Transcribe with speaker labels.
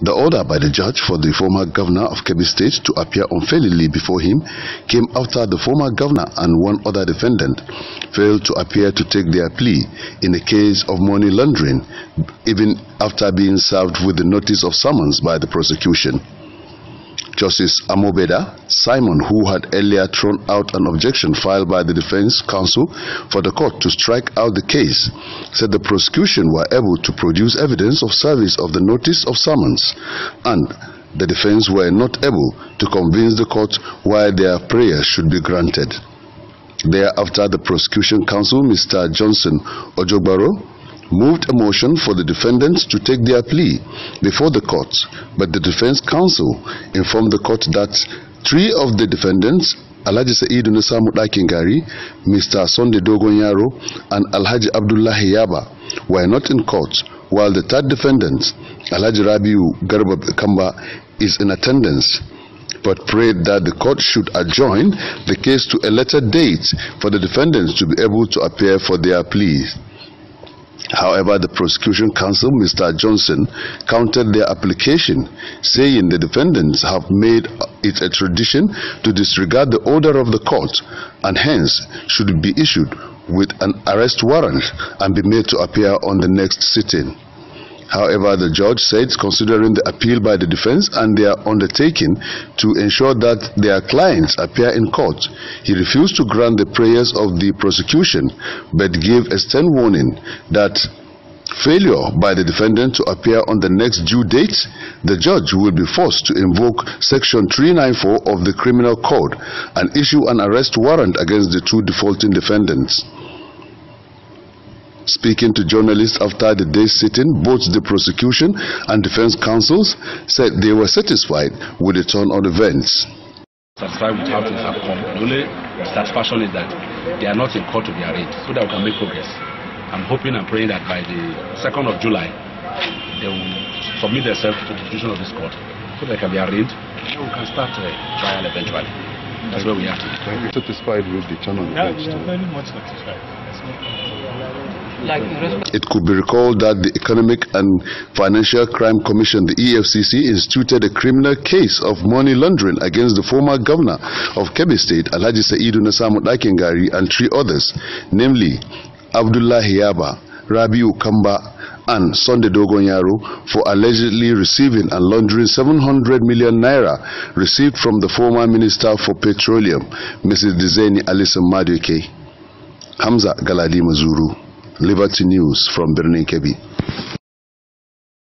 Speaker 1: The order by the judge for the former governor of Kebbi State to appear unfairly before him came after the former governor and one other defendant failed to appear to take their plea in a case of money laundering, even after being served with the notice of summons by the prosecution. Justice Amobeda Simon, who had earlier thrown out an objection filed by the defense counsel for the court to strike out the case, said the prosecution were able to produce evidence of service of the notice of summons and the defense were not able to convince the court why their prayer should be granted. Thereafter, the prosecution counsel, Mr. Johnson Ojogbaro, moved a motion for the defendants to take their plea before the court, but the defense counsel informed the court that three of the defendants Alhaji Sa'idu na samu Mr. Sonde Dogonyaro, and Alhaji Abdullahi Yaba were not in court, while the third defendant, Alhaji Rabiu Garba Kamba, is in attendance but prayed that the court should adjourn the case to a later date for the defendants to be able to appear for their pleas. However, the prosecution counsel, Mr. Johnson, countered their application, saying the defendants have made it a tradition to disregard the order of the court and hence should be issued with an arrest warrant and be made to appear on the next sitting. However, the judge said, considering the appeal by the defense and their undertaking to ensure that their clients appear in court, he refused to grant the prayers of the prosecution but gave a stern warning that failure by the defendant to appear on the next due date, the judge will be forced to invoke Section 394 of the Criminal Code and issue an arrest warrant against the two defaulting defendants. Speaking to journalists after the day's sitting, both the prosecution and defense counsels said they were satisfied with the turn of events. Satisfied with how things have come. The only satisfaction is that they are not in court to be arraigned so that we can make progress. I'm hoping and praying that by the 2nd of July, they will submit themselves to the decision of this court so they can be arraigned and we can start a uh, trial eventually. That's where we have to be. Are you satisfied with the turn events? Yeah, we are very much satisfied. Like it could be recalled that the Economic and Financial Crime Commission, the EFCC, instituted a criminal case of money laundering against the former governor of Kebbi State, Alhaji Saidu Nasamu Dakengari, and three others, namely Abdullahi Yaba, Rabiu Kamba, and Sunday Dogonyaru, for allegedly receiving and laundering 700 million naira received from the former Minister for Petroleum, Mrs. Dizeni Alison Maduke. Hamza Galadi Mazuru. Liberty News from Birnin